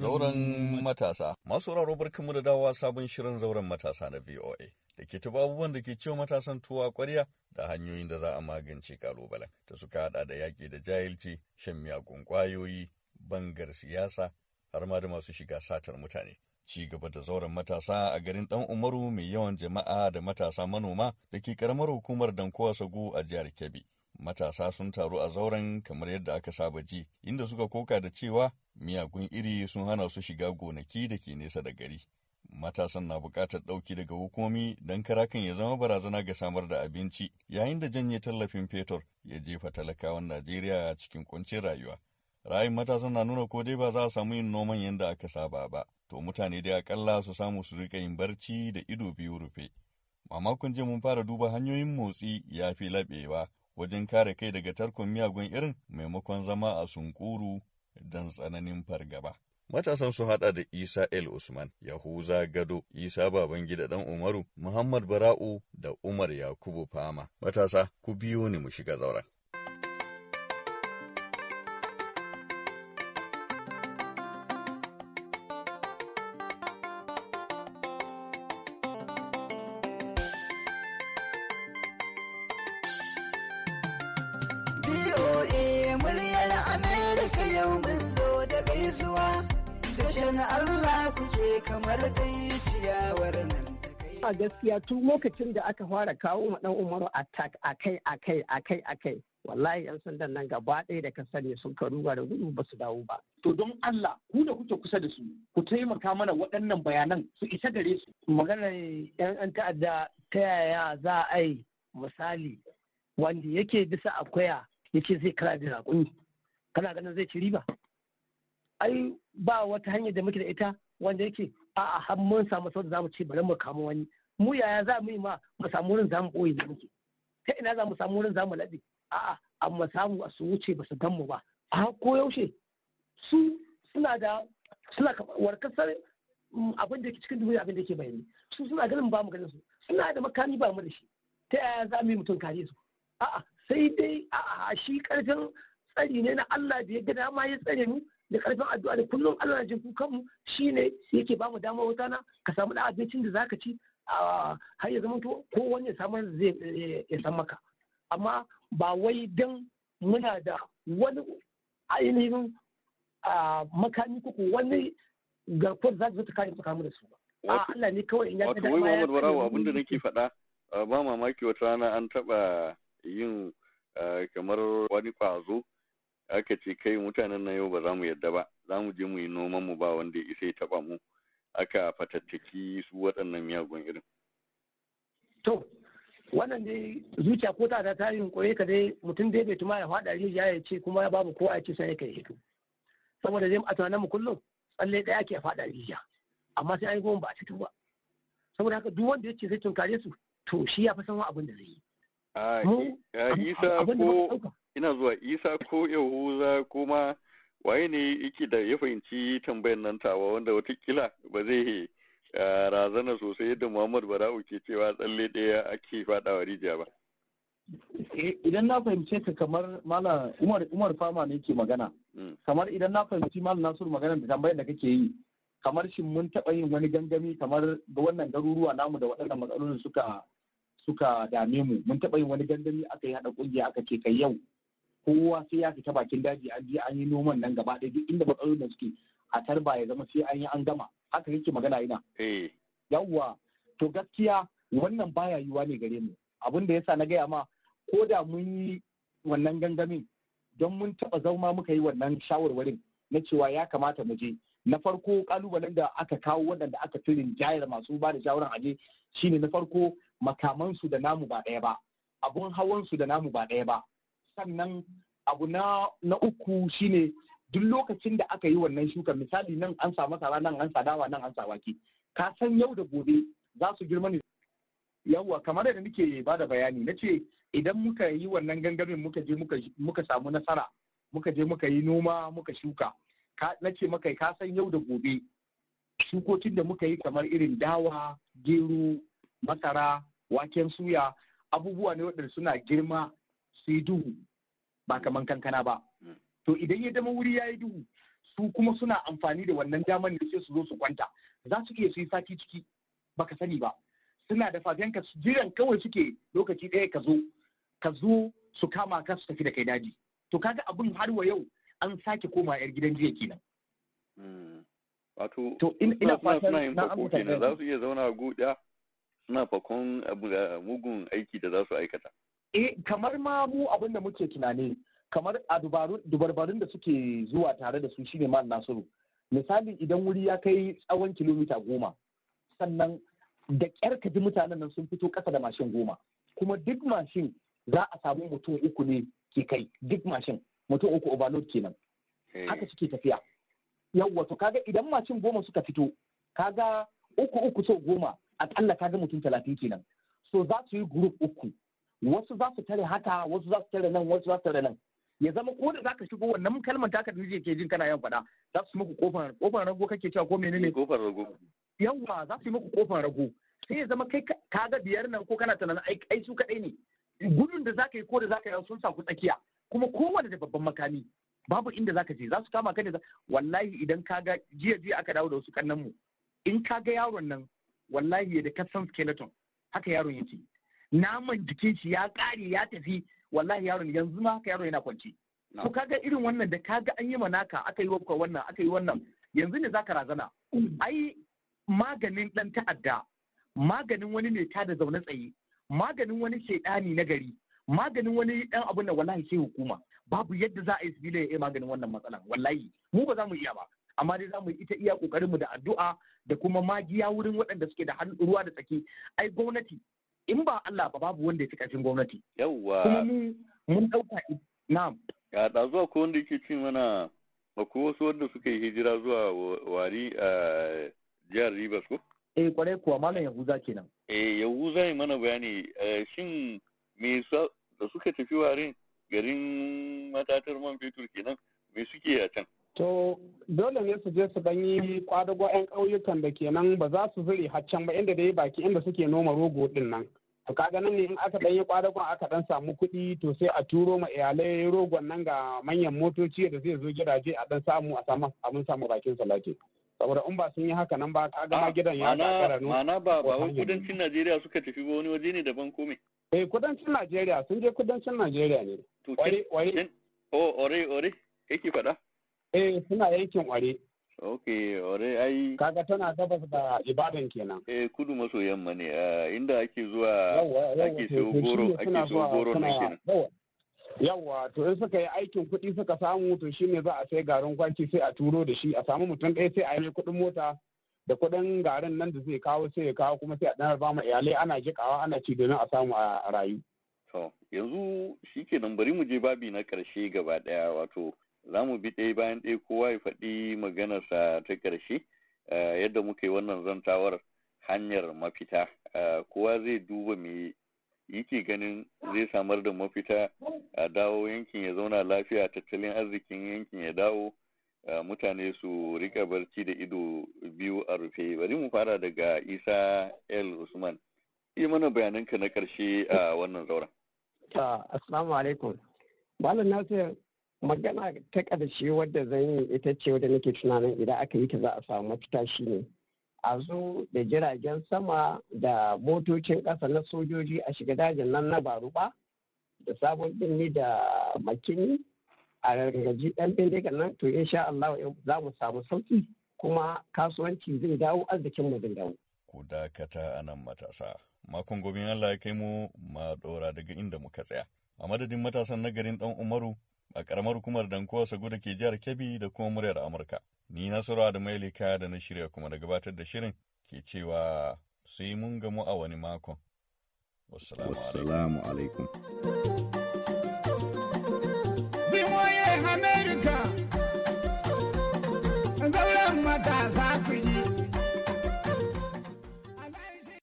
Zauren matasa. Masu raro mu da dawa sabon shirin zauren matasa na VOA. Da ke taba abubuwan da ke ciwo matasan tuwa ƙwarya da hanyoyin da za a magance kalubalen da suka haɗa da yaƙi da jahilci, shan miyagun ƙwayoyi, bangar siyasa, har ma da masu shiga satar mutane. Ci gaba da zauren matasa a garin Ɗan Umaru mai yawan jama'a da matasa manoma da ke ƙaramar hukumar Dankowa Sagu a jihar Kebbi. matasa sun taru a zauren kamar yadda aka saba ji, inda suka koka da cewa miyagun iri sun hana su shiga gonaki da ke nesa da gari. Matasan na buƙatar ɗauki daga hukumomi don karakan ya zama barazana ga samar da abinci, yayin da janye tallafin fetur ya jefa talakawan Najeriya cikin kuncin rayuwa. rayin matasan na nuna ko dai ba za a samu yin noman yadda aka saba ba, to mutane dai akalla su samu su riƙa yin barci da ido biyu rufe. Mamakon je mun fara duba hanyoyin motsi ya fi laɓewa wajen kare kai daga tarkon miyagun irin maimakon zama a sunkuru don tsananin fargaba. Matasan sun haɗa da Isa El Usman, Yahuza Gado, Isa Babangida ɗan Umaru, Muhammad Bara'u da Umar Yakubu Fama. Matasa, ku biyo ni mu shiga zauren. BOA muryar Amerika yau mun zo da gaisuwa. Dashen Allah ku je kamar dai ciyawar nan. A gaskiya tun lokacin da aka fara kawo ma dan Umaru attack akai akai akai akai. Wallahi 'yan sandan nan gaba ɗaya da ka sani sun karuwa da gudu ba su dawo ba. to don Allah ku da kuke kusa da su ku taimaka mana waɗannan bayanan su isa gare su. Maganar ‘yan ta'adda ta yaya za a yi misali wanda yake bisa akwaya ya ce zai kara da raƙumi kana ganin zai ci riba ai ba wata hanyar da muke da ita wanda yake a'a har mun samu sau da zamu ce bari mu kama wani mu yaya za mu yi ma mu samu wurin zamu ɓoye da muke ta ina za mu samu wurin zamu laɗe a'a amma samu a su wuce ba su gan mu ba a ko yaushe su suna da suna warkasar mm, abin da ke cikin dubu abin da ke bayani su suna ganin ba mu ganin su suna da makami ba mu da shi ta yaya za mu yi mutum kare su a'a sai dai a shi karfin tsari ne na Allah da ya ga dama ya tsare mu da karfin addu'a da kullum Allah na jin kukan mu shine yake ba mu dama wata na ka samu da abincin da zaka ci har ya zama to ko wani ya samu zai ya san maka amma ba wai dan muna da wani ainihin makami ko wani garkuwar za ta kare su mu da su ba Allah ne kawai in ya ga dama ya abinda nake faɗa ba mamaki wata rana an taɓa yin Eh, kamar wani kwazo aka ce kai mutanen na yau ba za mu yadda ba za mu je mu yi noman mu ba wanda isa ya taba mu aka fatattaki su waɗannan miyagun irin to wannan dai zuciya ko ta ta yi koye ka dai mutum dai bai tuma ya faɗa rijiya ya ce kuma babu kowa ya ce sai kai hito saboda zai a tunanin mu kullum tsalle ɗaya ke faɗa rijiya amma sai an yi goma ba a fito ba saboda haka duk wanda ya ce zai tunkare su to shi ya fi san abin da zai yi isa ko ina zuwa isa ko yahuza kuma waye ne yake da ya fahimci tambayar nan tawa wanda watakila ba zai razana sosai yadda muhammad bara'u ke cewa tsalle ɗaya ake faɗawa rijiya ba eh, idan na fahimce ka kamar mala umar umar fama ne ke magana mm. kamar idan na fahimci mala nasur magana da tambayar da kake yi kamar shin mun taɓa yin wani gangami kamar ga wannan garuruwa namu da waɗannan matsalolin suka suka dame mu mun taɓa yin wani gangami aka yi haɗa ƙungiya aka ce kai yau kowa sai ya fita bakin daji an je an yi noman nan gaba ɗaya duk inda da suke a tarba ya zama sai an yi an gama haka yake magana ina eh. yawwa to gaskiya wannan baya yiwa ne gare mu abin da yasa na gaya ma ko da mun yi wannan gangamin don mun taɓa zauma muka yi wannan shawarwarin na cewa ya kamata mu je na farko kalubalen da aka kawo waɗanda aka fi jayar masu ba da shawaran aje shine na farko makamansu da namu ba ɗaya ba abun hawansu da namu ba ɗaya ba sannan abu na na uku shine duk lokacin da aka yi wannan shuka misali nan an sa masara nan an sa dawa nan an sa wake ka san yau da gobe za su girma ne yawwa kamar yadda nake ba da bayani na ce idan muka yi wannan gangamin muka je muka samu nasara muka je muka yi noma muka shuka na ce maka ka san yau da gobe shukokin da muka yi kamar irin dawa gero masara waken suya abubuwa ne waɗanda suna girma su duhu ba kaman kankana ba mm. to idan ya zama wuri ya yi duhu su kuma suna amfani da wannan damar ne sai su zo su kwanta za su iya su yi sati ciki ba ka sani ba suna da ka jiran kawai suke lokaci ɗaya ka zo ka zo su kama ka su tafi da kai daji to kaga abin har wa yau an sake koma yar gidan jiya kenan mm. wato to ina fatan na amsa za su iya zauna guda na fakon mugun aiki da za su aikata. Eh kamar ma mu abin da muke tunani kamar a dubarbarin da suke zuwa tare da su shine Mal nasiru misali idan wuri ya kai tsawon kilomita goma sannan da ƙyar ka ji mutanen nan sun fito ƙasa da mashin goma kuma duk mashin za a samu mutum uku ne ke kai duk mashin mutum uku overload kenan eh. haka suke tafiya yawwa to kaga idan mashin goma suka fito kaga uku uku so goma akalla ka ga mutum talatin kenan so za su yi group uku wasu za su tare haka wasu za su tare nan wasu za su tare nan ya zama ko da zaka shigo wannan kalmar taka da ke jin kana yan faɗa za su muku kofar kofar rago kake cewa ko menene kofar eh, rago yawa za su yi muku kofar rago sai ya zama kai ka ga biyar nan ko kana tunanin ai su kadai ne gudun da zaka yi ko da zaka yi sun saku tsakiya kuma kowane da babban makami babu inda zaka je za su kama ka ne wallahi idan ka ga jiya jiya aka dawo da wasu kannan mu in ka ga yaron nan wallahi da kasan skeleton haka yaron yake naman jikin shi ya kare ya tafi wallahi yaron yanzu ma haka yaron yana kwance ko ga irin wannan da kaga an yi manaka aka yi wakwa wannan aka yi wannan yanzu ne zaka razana mm. ai maganin dan ta'adda maganin wani ne ta da zaune tsaye maganin wani shaidani na gari maganin wani dan abun da wallahi sai hukuma babu yadda za a yi sibila ya maganin wannan matsalan wallahi mu ba za mu iya ba amma dai za mu ita iya kokarinmu da addu'a da kuma magiya wurin waɗanda suke da ruwa da tsaki ai gwamnati in ba Allah ba babu wanda ya fi ƙarfin gwamnati yawwa kuma mun ɗauka na'am ya da zuwa ko wanda yake cin mana akwai wasu wanda suka yi hijira zuwa wari a jihar Rivers ko eh kwarai kuwa malam Yahuza kenan eh Yahuza yi mana bayani eh, shin me da suka tafi warin garin matatar man fetur kenan me suke a can To dole ne su je su ɗan yi kwadago 'yan ƙauyukan da ke nan ba za su zure haccan ba inda da ya baki inda suke noma rogo ɗin nan. To kaga nan ne in aka ɗan yi kwadagon aka ɗan samu kuɗi to sai a turo ma iyalai rogon nan ga manyan motoci da zai zo gidaje a ɗan samu a samu abin samu bakin salati. Saboda in ba sun yi haka nan ba ka gama ah, gidan ya kakara nuna. Ma'ana ba ba kudancin Najeriya suka tafi ba wani waje ne daban ko me? Eh kudancin Najeriya sun je kudancin Najeriya ne. To ore ore. Oh ore ore kake faɗa? eh suna yankin ware ok ware ai kaga tana gabas da ibadan kenan eh kudu maso yamma ne inda ake zuwa ake siyo goro ake siyo goro kenan yawwa to in suka yi aikin kuɗi suka samu to ne za a sai garin kwanci sai a turo da shi a samu mutum ɗaya sai a yi kuɗin mota da kuɗin garin nan da zai kawo sai ya kawo kuma sai a ɗanar ba mu iyalai ana jiƙawa ana ci domin a samu a rayu. To yanzu shi kenan bari mu je babi na ƙarshe gaba ɗaya wato za mu bi ɗaya bayan ɗaya kowa ya faɗi maganarsa ta ƙarshe eh, yadda muka yi wannan zantawar hanyar mafita eh, kowa zai duba me yake ganin zai samar da mafita a dawo yankin ya zauna lafiya tattalin arzikin yankin ya dawo mutane su rika barci da ido biyu a rufe bari mu fara daga isa el usman yi mana bayananka na ƙarshe a wannan zauren. assalamu alaikum malam nasir magana ta ƙarshe wadda zan yi ita ce wadda nake tunanin idan aka yi ta za a samu mafita ne a zo da jiragen sama da motocin ƙasa na sojoji a shiga dajin nan na baruba da sabon dinni da makini a rarraji ɗan bindigan nan to insha Allah za mu samu sauki kuma kasuwanci zai dawo arzikin mu zai dawo. Ku dakata a nan matasa. Makon gobe Allah ya kai mu ma ɗora daga inda muka tsaya. A madadin matasan nagarin ɗan Umaru a ƙaramar hukumar Danko Sagu ke jihar Kebbi da kuma muryar Amurka. Ni na da Maili kaya da na shirya kuma da gabatar da shirin ke cewa sai mun gamu a wani makon. Wassalamu alaikum. America.